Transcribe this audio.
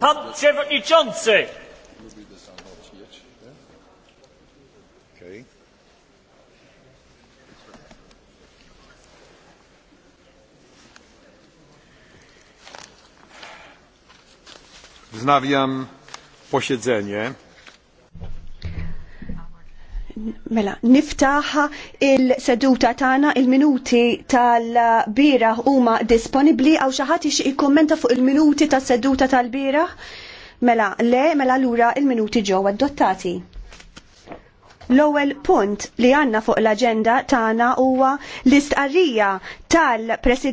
Pan Przewodniczący! Wznawiam posiedzenie. Mela, niftaħ il-seduta tagħna il-minuti tal bieraħ huma disponibbli għaw xi ħadd ixtieq jikkummenta fuq il-minuti tas-seduta tal bieraħ Mela, le, mela lura il-minuti ġew adottati. L-ewwel punt li għandna fuq l-aġenda tagħna huwa l-istqarrija tal-President